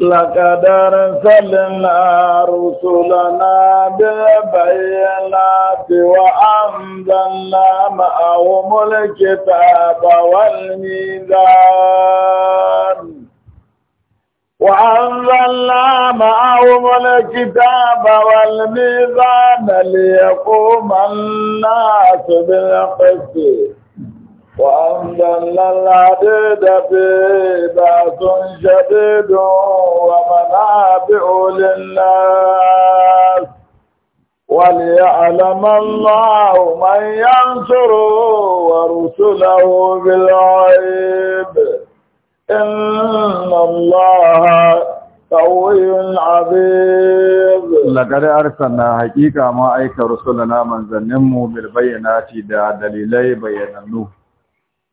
لقد أرسلنا رسلنا بالبينات وأنزلنا معهم الكتاب والميزان وأنزلنا معهم الكتاب والميزان ليقوم الناس بالقسط وأنزلنا العديد في بأس شديد ومنابع للناس وليعلم الله من ينصره ورسله بالغيب إن الله قوي عظيم لقد أرسلنا حقيقة ما أيك رسلنا من ذنمه بالبينات دا دليلي بيننوه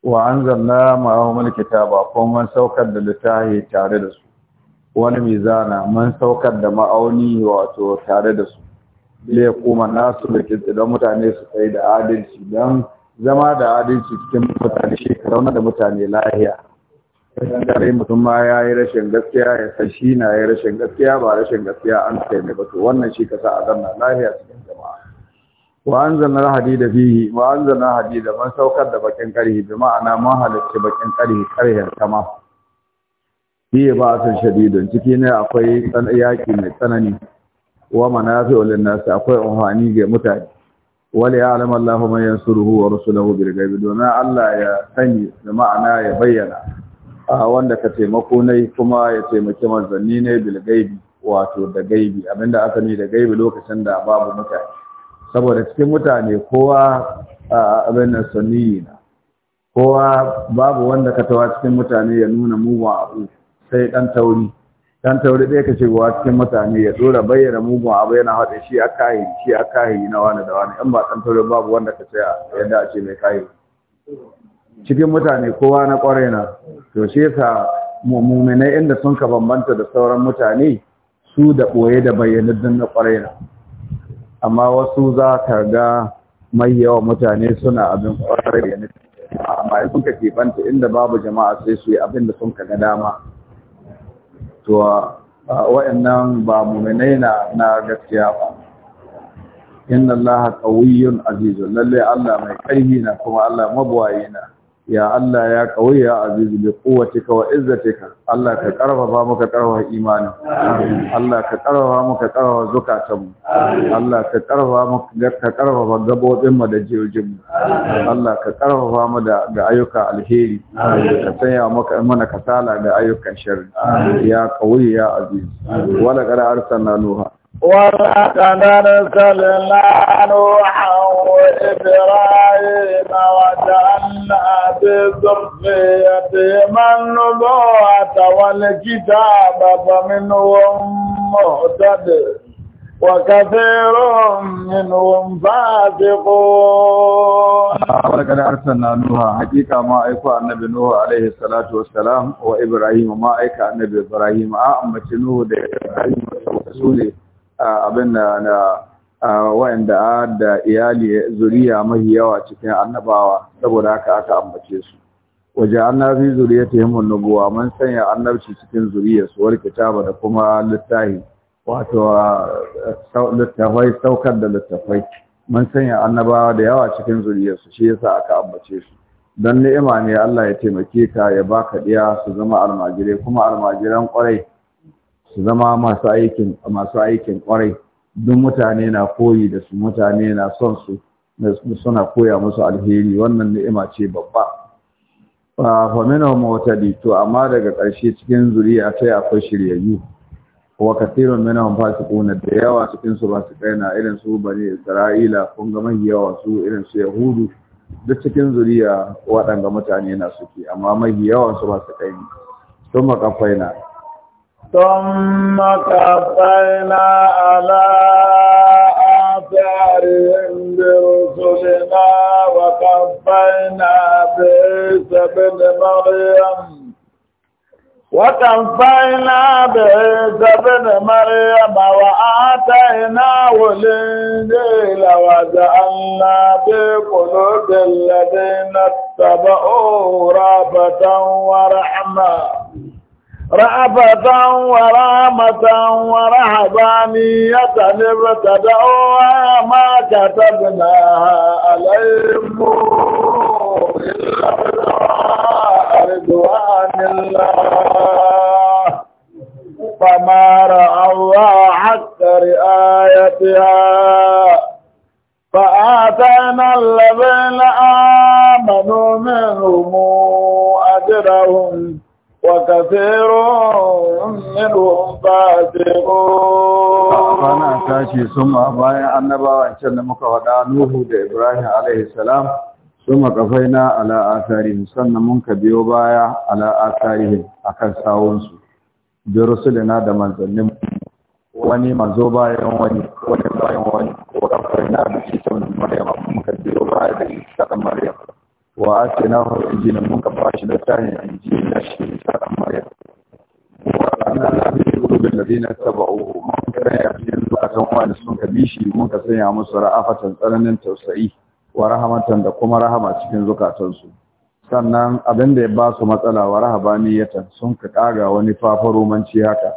wa anzalna ma'ahum ba ko man saukar da littafi tare da su wani mizana mun saukar da ma'auni wato tare da su le kuma nasu da kitse don mutane su kai da adalci don zama da adalci cikin mutane shi zauna da mutane lahiya idan dare mutum ma ya yi rashin gaskiya ya san shi na ya rashin gaskiya ba rashin gaskiya an kai ne ba to wannan shi ka sa a zanna lahiya cikin jama'a wa anzalna hadida fihi wa hadida man saukar da bakin karhi bi ma'ana mun halarci bakin karhi karhiyar kama fiye ba san shadidun ciki ne akwai yaki mai tsanani wa manafi'u lin-nas akwai umhani ga mutane wala ya'lam Allahu man yansuruhu wa rasuluhu bil ghaib dona Allah ya sani da ma'ana ya bayyana a wanda ka taimako ne kuma ya taimaki manzanni ne bil gaibi wato da gaibi abinda aka ne da gaibi lokacin da babu mutane saboda cikin mutane kowa abin da sunni na kowa babu wanda ka tawa cikin mutane ya nuna mugun abu sai dan tauri dan tauri dai ka ce wa cikin mutane ya dora bayyana mugun abu yana haɗe shi a kayi shi a kayi na wani da wani in ba dan tauri babu wanda ka ce yadda a ce mai kayi cikin mutane kowa na ƙwarai na to shi yasa muminai inda sun ka bambanta da sauran mutane su da ɓoye da dan na ƙwarai na amma wasu za ka ga mai yawa mutane suna abin kwarar da amma in suka kebanta inda babu jama'a sai su yi abin da sun ka ga dama to wa'annan ba muminai na na gaskiya ba inna allaha qawiyyun azizun lalle allah mai ƙarfi na kuma allah mabuwayi na ya Allah ya kawai ya azizu bi quwwatika wa izzatika Allah ka karfafa muka karfafa imanin Allah ka karfafa muka karfafa zukatan mu Allah ka karfafa muka ka karfafa gabobin mu da jirjin mu Allah ka karfafa mu da ga ayyuka alheri ka tsaya muka mana kasala da ayyukan sharri ya kawai ya azizu wala qad arsalna nuha ولقد ارسلنا نوحا وابراهيم وجعلنا بذريتهما النبوة والكتاب فمنهم مهتد وكثير منهم فاسقون. ولقد ارسلنا نوحا حقيقة ما ايقوا النبي نوح عليه الصلاة والسلام وابراهيم ما ايقى النبي ابراهيم اه امتي نوح ده ابراهيم رسوله abin da na wa'anda da iyali zuriya mafi yawa cikin annabawa saboda haka aka ambace su waje annabi zuriyatihim an-nubuwa mun sanya annabci cikin su warke kitaba da kuma littafi wato littafai saukar da littafai mun sanya annabawa da yawa cikin su shi yasa aka ambace su don ni'ima ne Allah ya taimake ka ya baka diya su zama almajirai kuma almajiran kwarai su zama masu aikin masu aikin kwarai duk mutane na koyi da su mutane na son su suna koya musu alheri wannan ni'ima ce babba fa mota di to amma daga ƙarshe cikin zuriya sai akwai shiryayyu wa kathirun minhum fasiquna da yawa cikin su su kaina irin su bani isra'ila kun ga mai yawa su irin su yahudu duk cikin zuriya waɗanda mutane na suke amma mai yawa su kaina, sun makafaina ثم كفينا على آثارهم برسلنا وكفينا بعيسى بن مريم وكفينا بعيسى بن مريم وآتيناه الإنجيل وجعلنا في قلوب الذين اتبعوه رأفة ورحمة رأفة ورامة ورهبانية ابتدعوها ما كتبناها عليهم إلا رضوان الله فما رأوا حق رآيتها فآتينا الذين آمنوا منهم أجرهم وكثير منهم فاسقون ana tashi suma bayan annabawan can da muka faɗa Nuhu da Ibrahim alaihi salam suma kafaina ala asarihim sannan mun ka biyo baya ala asarihim akan sawun su bi rusulina da manzannin wani manzo bayan wani wani bayan wani ko kafaina da shi tun Maryam mun ka biyo baya da shi ta Maryam wa atinahu injila mun ka bashi da tani injila shi ta maryam wa anna lahu qulubul ladina tabu'uhu mun ka ya cikin zakatan wanda sun ka bishi mun ka sanya musu ra'afatan tsananin tausayi wa rahamatan da kuma rahama cikin zukatansu sannan abin da ya ba su matsala wa rahabaniyatan sun ka kaga wani fafaromanci haka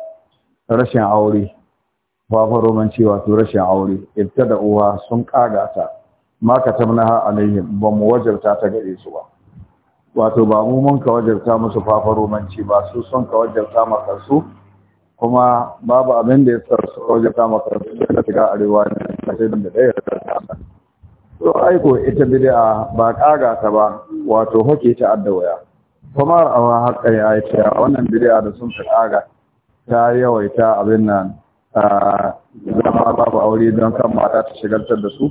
rashin aure fafaromanci wato rashin aure ibtada uwa sun kaga ta ma ka katabnaha alaihim ba mu wajarta ta gare su ba wato ba mu mun ka wajarta musu fafaromanci ba su son ka wajarta maka su kuma babu abin da ya sa su wajarta maka su da ga arewa ne a sai da ɗaya da to aiko ita bid'a ba kaga ta ba wato hake ta addawaya kuma a haƙƙar ya ce wannan bid'a da sun kaga ta yawaita abin nan zama babu aure don kan mata ta shigartar da su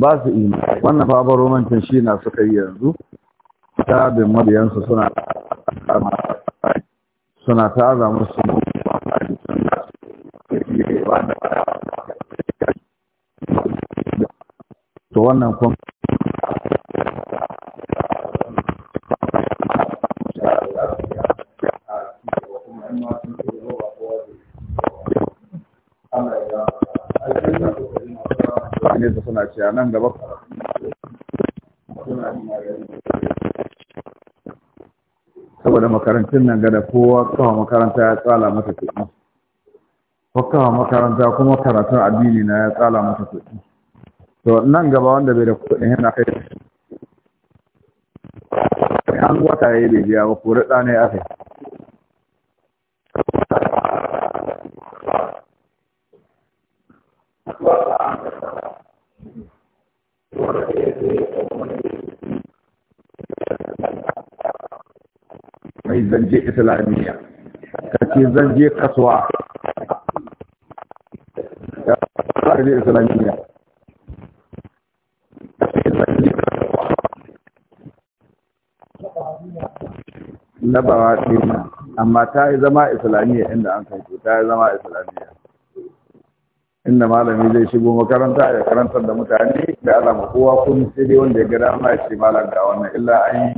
ba su yi wannan fabaro romantin shi na suka yi yanzu tabin mabiyansu suna suna taza su to wannan kuma ce a nan gaba saboda makarantun nan gada kowa kawo makaranta ya tsala mata kuɗi kawo makaranta kuma karatun addini na ya tsala mata kuɗi to nan gaba wanda bai da kuɗin yana kai an wata ya yi bai biya ba ko rada ya kai zan je islamiyya ka ce zan je kasuwa ya fara je islamiyya na bawa ɗina amma ta yi zama islamiyya inda an kai ta yi zama islamiyya inda malami zai shigo makaranta ya karantar da mutane da alama kowa kun sai dai wanda ya gada dama ya ce malam ga wannan illa an yi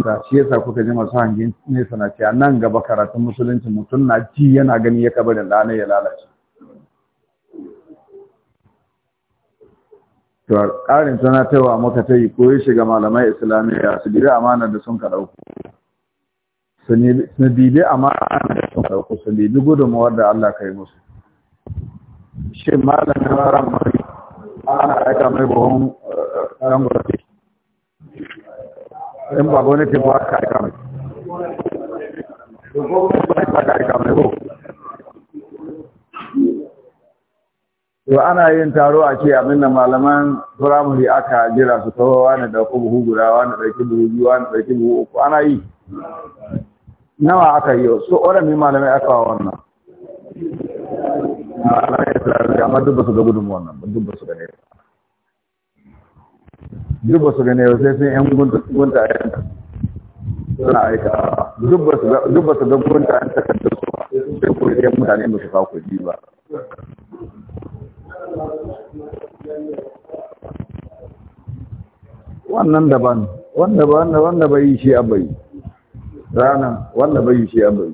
nesa shi yasa kuka ji masu hangin nesa na ce nan gaba karatun musulunci mutum na ji yana gani ya kabarin da ya lalace to ƙarin tunatarwa muka ta yi koyi shiga malamai islamiyya su bibi amana da sun ka su bibi amana da sun ka su bibi gudunmawar da Allah ka yi musu shi malamin haram mai ana aika mai buhun ɗan eh, eh, gwamnati in ba gwamnati ba ka aika mai to ana yin taro a ce a minna malaman firamare aka jira su taho wani dauko buhu guda wani dauki buhu biyu wani dauki buhu uku ana yi nawa aka yi so mai malamai aka wa wannan malamai ya tsara amma duk ba su ga gudun wannan duk ba su ga ne duk ba su gane yau sai sun yan gunta ayyanta suna aika duk ba su ga gunta ta takardar su ba sai kuma yan mutane ba su fa kuɗi ba wannan daban wanda ba wanda wanda bai yi shi abai rana wanda bai yi shi abai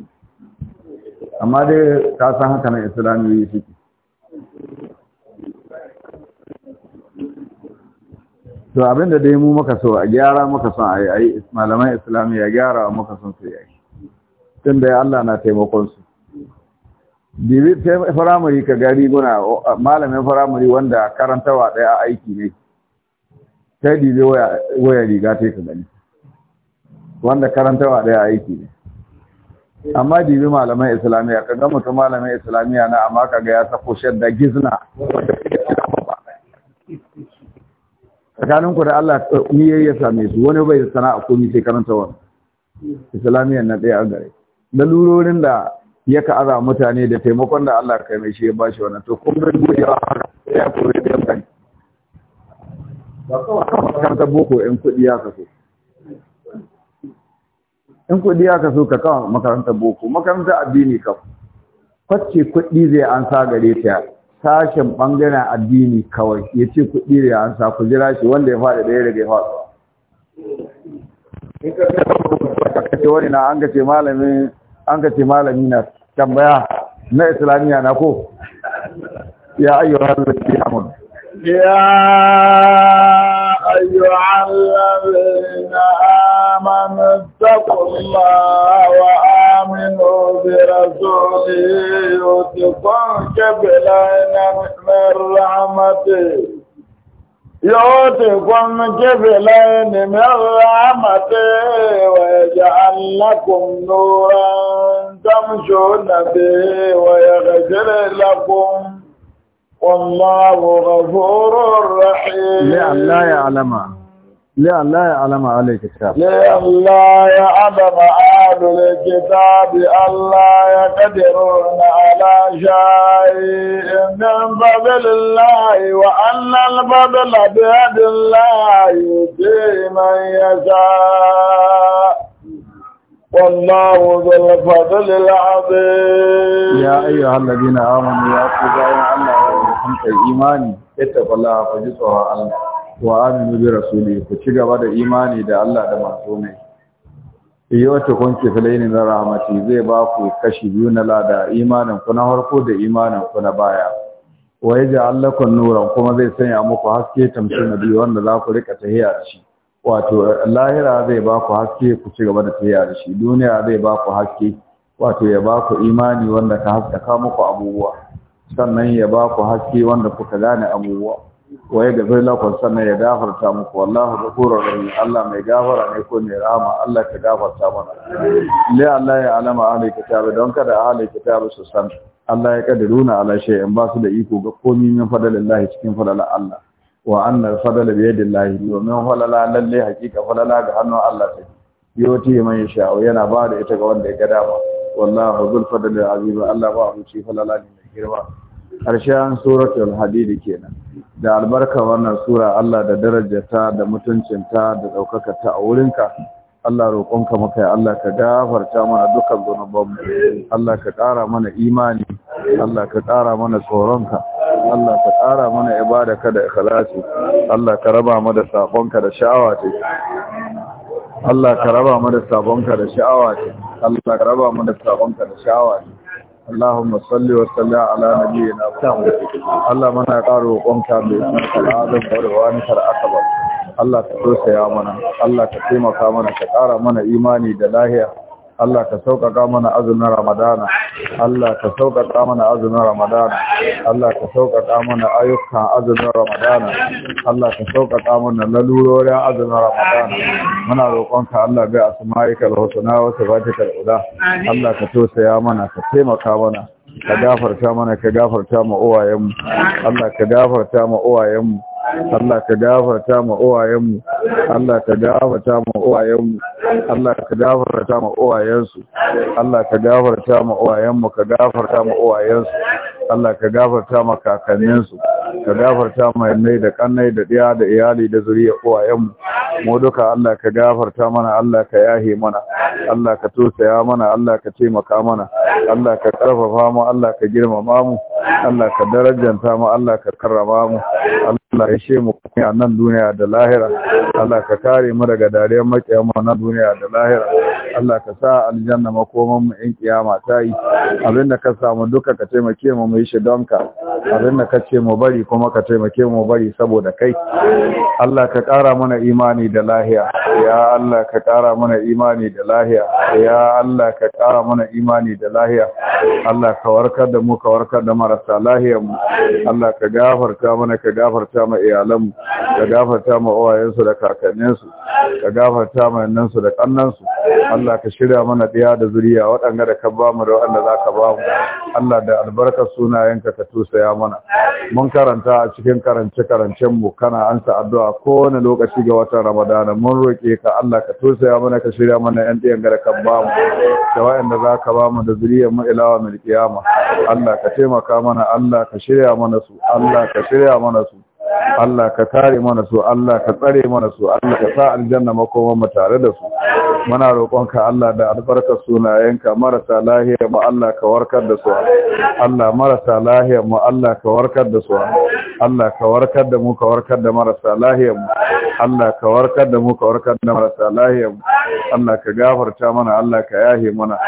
amma dai ka san haka na islamiyoyi suke to abinda dai mu muka so a gyara muka son a yi a yi malaman islamiyya gyara muka son su yi tun da Allah na taimakon su bibi firamare ka gari guna malamin firamari wanda karantawa daya aiki ne ta dibe waya riga ta ka gani wanda karantawa daya aiki ne amma dibi malaman islamiyya ka ga mutum malamin islamiyya na amma ka ga ya sako shadda gizna ku da Allah eh, ni yayi ya same su wani bai da sana'a komi sai karanta wa islamiyya na ɗaya an gare lurorin da ya ka aza mutane da taimakon da Allah kai mai shi ya bashi wannan to kun ga goyi ya ya kore da yankan ta boko in kuɗi ya kaso in kuɗi ya kaso ka kawo makaranta boko makaranta addini ka kwace kuɗi zai an sa gare ta sashen ɓangaren addini kawai ya ce ku ɗire an sa ku jira shi wanda ya faɗi ɗaya daga ya faɗi ce wani na an gace malami an gace malami na tambaya na islamiyya na ko ya ayyuhal ladina amanu ya ayyuhal ladina amanu taqullaha wa منه برسوله يوتقن كبلين من رحمته يعطيكم كفلين من رحمته ويجعل لكم نورا تمشون به ويغفر لكم والله غفور رحيم لأن لا يعلم لئلا يعلم أهل الكتاب لئلا يعلم أهل الكتاب ألا يقدرون على شيء من فضل الله وأن الفضل بيد الله يؤتي من يشاء والله ذو الفضل العظيم يا أيها الذين آمنوا يا أخي الله وحمد الإيمان اتقوا الله فجسوا الله wa aminu bi rasuli ku ci gaba da imani da Allah da manzo ne yawata kun ke filaini na rahmati zai ba ku kashi biyu na lada imanin ku na harko da imanin ku na baya wa yaj'al lakum nuran kuma zai sanya muku haske tamshi biyu wanda za ku rika tahiya da shi wato lahira zai ba ku haske ku ci gaba da tahiya da shi duniya zai ba ku haske wato ya ba ku imani wanda ka haskaka muku abubuwa sannan ya ba ku haske wanda kuka gane abubuwa waye da bai lakon sannan ya gafarta muku wallahu ghafurur rahim Allah mai gafara ne ko mai rahama Allah ka gafarta mana li Allah ya alama ahli kitabi don kada ahli kitabi su san Allah ya kadiruna ala in ba su da iko ga komai min fadalillahi cikin fadalan Allah wa anna fadala bi yadillahi domin falala lalle hakika falala ga hannun Allah take yoti mai sha'o yana ba da ita ga wanda ya gada dama wallahu zul fadlil azim Allah ba mu ci falala ne mai girma ƙarshen suratul hadidi kenan da albarka wannan sura Allah da darajata, da mutuncinta da ɗaukaka ta a wurinka Allah roƙonka maka ya Allah ka gafarta mana dukkan zunubanmu Allah ka ƙara mana imani Allah ka ƙara mana tsoronka Allah ka ƙara mana ibada ka da ikhlasi Allah ka raba mu da sabonka da sha'awa ce Allah ka raba mu da sabonka da sha'awa ce Allah ka raba mu da sabonka da sha'awa ce اللهم صل وسلم على نبينا محمد اللهم انا قارو قومك باسمك العظيم وروانك الاكبر الله ka tausaya mana Allah ka taimaka mana ka ƙara mana imani da lahiya Allah ka sauƙaƙa mana azumin Ramadana Allah ka sauƙaƙa mana azumin Ramadana Allah ka sauƙaƙa mana ayyukan azumin Ramadana Allah ka sauƙaƙa mana lalurorin azumin Ramadana muna roƙonka Allah bai asma'ikal na wasu baki ula Allah ka tausaya mana ka taimaka mana ka gafarta mana ka gafarta ma uwayenmu Allah ka gafarta ma uwayenmu Allah ka gafarta ma uwayenmu Allah ka gafarta ma uwayenmu Allah ka gafarta ma uwayensu Allah ka gafarta ma uwayenmu ka gafarta ma uwayensu Allah ka gafarta ma kakanninsu ka gafarta ma yanai, da kannai da diya da iyali da zuriya uwayenmu mu duka Allah ka gafarta mana Allah ka yahe mana Allah ka tusaya mana Allah ka taimaka mana Allah ka karfafa mu Allah ka girmama mu Allah ka darajanta mu Allah ka karrama mu Allah ya shemu a nan duniya da lahira Allah ka kare mu daga dariyar makiyan mu na duniya da lahira Allah ka sa aljanna makoman mu in kiyama ta yi abinda ka samu duka ka taimake mu mu yi shi donka abin da ce mu bari kuma ka taimake mu bari saboda kai Allah ka ƙara mana imani da lahiya ya Allah ka ƙara mana imani da lahiya ya Allah ka ƙara mana imani da lahiya Allah ka warkar da mu ka warkar da marasa lahiyar mu Allah ka gafarta mana ka gafarta ma iyalan mu ka gafarta ma su da kakanninsu ka gafarta ma su da su Allah ka shirya mana ɗaya da zuriya waɗanda da ka ba mu da waɗanda za ka ba mu Allah da albarkar sunayenka ka tusaya mana mun karanta a cikin karance karancen mu kana ansa addu'a kowane lokaci ga watan ramadana mun roƙe ka Allah ka tosaya mana ka shirya mana yan ɗiyan gara ka ba mu da wa'anda za ka ba mu da zuriyar mu ilawa mil kiyama Allah ka taimaka mana Allah ka shirya mana su Allah ka shirya mana su Allah ka kare mana su Allah ka tsare mana su Allah ka sa aljanna makoman mu tare da su muna roƙonka Allah da albarkar sunayenka marasa lahiya mu Allah ka warkar da su Allah marasa lahiya mu Allah ka warkar da su Allah ka warkar da mu ka warkar da marasa lahiya mu Allah ka warkar da mu ka warkar da marasa lahiya mu Allah ka gafarta mana Allah ka yahe mana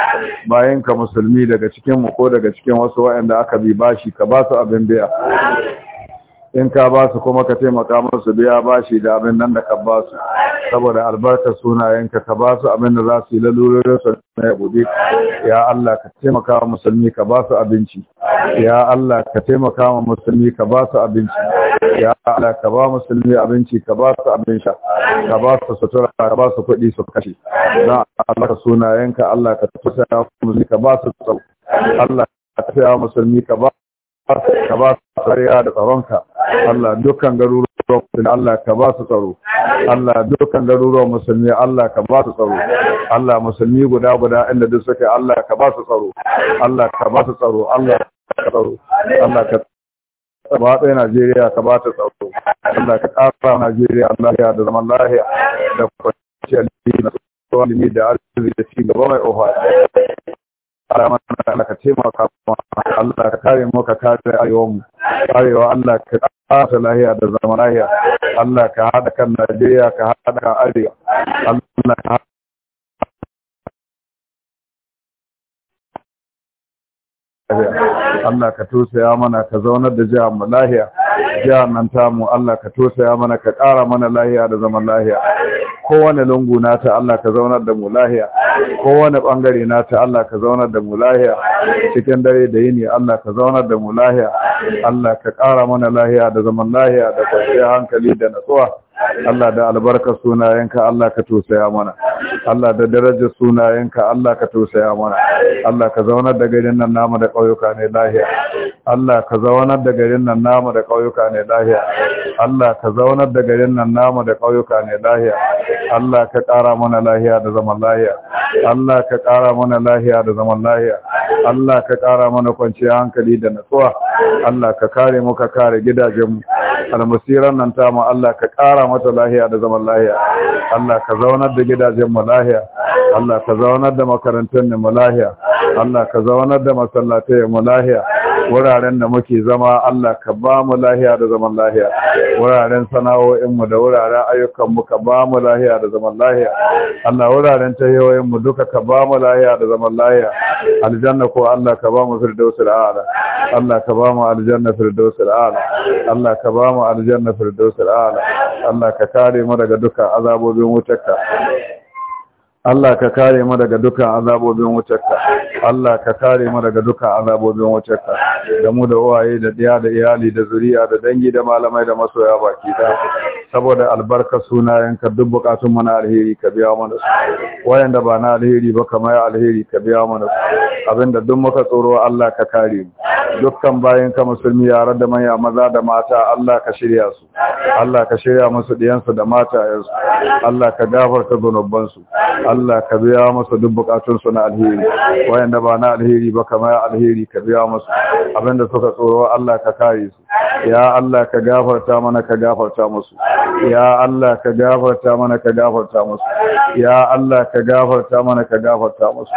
bayan ka musulmi daga cikin mu ko daga cikin wasu waɗanda aka bi bashi ka ba su abin biya in ka ba su kuma ka taimaka musu biya bashi da abin nan da ka ba su saboda albarkar sunayenka ka ba su abin da za su yi lalurorin su na bude? ya Allah ka taimaka wa musulmi ka ba su abinci ya Allah ka taimaka wa musulmi ka ba su abinci ya Allah ka ba musulmi abinci ka ba su abin sha ka ba su sutura ka ba su kuɗi su kashe don Allah ka sunayenka Allah ka tausaya musulmi ka ba su tsaro Allah ka tausaya musulmi ka ba ka ba su tsariya da tsaronka Allah dukkan garuruwan musulmi Allah ka ba su tsaro Allah dukkan garuruwan musulmi Allah ka ba su tsaro Allah musulmi guda guda inda duk suke Allah ka ba su tsaro Allah ka ba su tsaro Allah ka tsaro Allah ka ba ta Najeriya ka ba ta tsaro Allah ka ƙara Najeriya ya da zaman lahiya da kwanciyar da da arziki da ci gaba mai ofa Allah ka taimaka Allah ka kare mu ka kare ayyuwan mu arewa Allah ka kasa lahiya da zama lahiya Allah ka hada kan Najeriya ka hada ka arewa Allah ka lahiya Allah ka tosaya mana ka zaunar da jihar mu lahiya jihar nan tamu Allah ka tosaya mana ka ƙara mana lahiya da zaman lahiya kowane lungu nata Allah ka zaunar da mu lahiya kowane bangare nata Allah ka zaunar da mu lahiya cikin dare da yini Allah ka zaunar da mu lahiya Allah ka ƙara mana lahiya da zaman lahiya da kwanciyar hankali da natsuwa Allah da albarkar sunayenka Allah ka tausaya mana Allah da darajar sunayenka Allah ka tausaya mana Allah ka zaunar da garin nan namu da ƙauyuka ne lahiya Allah ka zaunar da garin nan namu da ƙauyuka ne lahiya Allah ka zaunar da garin nan namu da ƙauyuka ne lahiya Allah ka ƙara mana lahiya da zaman lahiya Allah ka ƙara mana lahiya da zaman lahiya Allah ka ƙara mana kwanciyar hankali da natsuwa Allah ka kare mu ka kare gidajenmu almasiran nan ta mu Allah ka ƙara mata lahiya da zaman lahiya Allah ka zaunar da gidajen mu lahiya Allah ka zaunar da makarantun mu lahiya Allah ka zaunar da masallatai mu lahiya wuraren da muke zama Allah ka ba mu lahiya da zaman lahiya wuraren sana'o'in da wuraren ayyukanmu ka ba mu lahiya da zaman lahiya Allah wuraren tahiyoyin duka ka ba mu lahiya da zaman lahiya aljanna ko Allah ka ba mu firdausul a'la Allah ka ba mu aljanna firdausul a'la Allah ka ba mu aljanna firdausul a'la Allah ka kare mu daga duka azabobin wutarka Allah ka kare mu daga duka azabobin wutarka Allah ka kare mu daga duka azabobin wutarka da mu da uwaye da ɗiya da iyali da zuriya da dangi da malamai da masoya baki da saboda albarka sunayenka duk bukatun mu na alheri ka biya mana su wayanda ba na alheri ba kamar alheri ka biya mana su abinda duk muka tsoro Allah ka kare mu dukkan bayan ka musulmi yare da manya maza da mata Allah ka shirya su Allah ka shirya musu su da matayensu Allah ka gafarta zunubansu Allah ka biya masa duk bukatunsu na alheri wayanda ba na alheri ba kamar alheri ka biya masu abinda suka tsoro Allah ka kare su ya Allah ka gafarta mana ka gafarta musu ya Allah ka gafarta mana ka gafarta musu ya Allah ka gafarta mana ka gafarta musu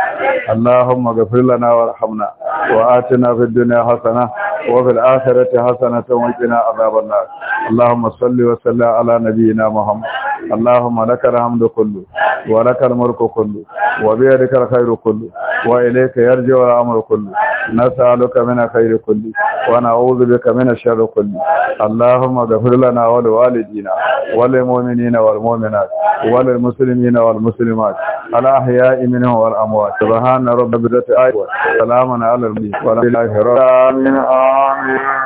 Allahumma ghfir lana warhamna wa atina fid dunya hasana wa fil akhirati hasanatan wa qina adhaban nar Allahumma salli wa salli ala nabiyyina Muhammad Allahumma lakal hamdu kullu wa lakal mulku kullu wa bi yadika khairu kullu wa ilayka yarji'u al-amru kullu nas'aluka min khairu kullu wa na'udhu bika min شر كل اللهم اغفر لنا ولوالدينا وللمؤمنين والمؤمنات وللمسلمين والمسلمات الأحياء منهم والأموات سبحان رب العزة سلام على المرسلين والحمد لله رب العالمين آمين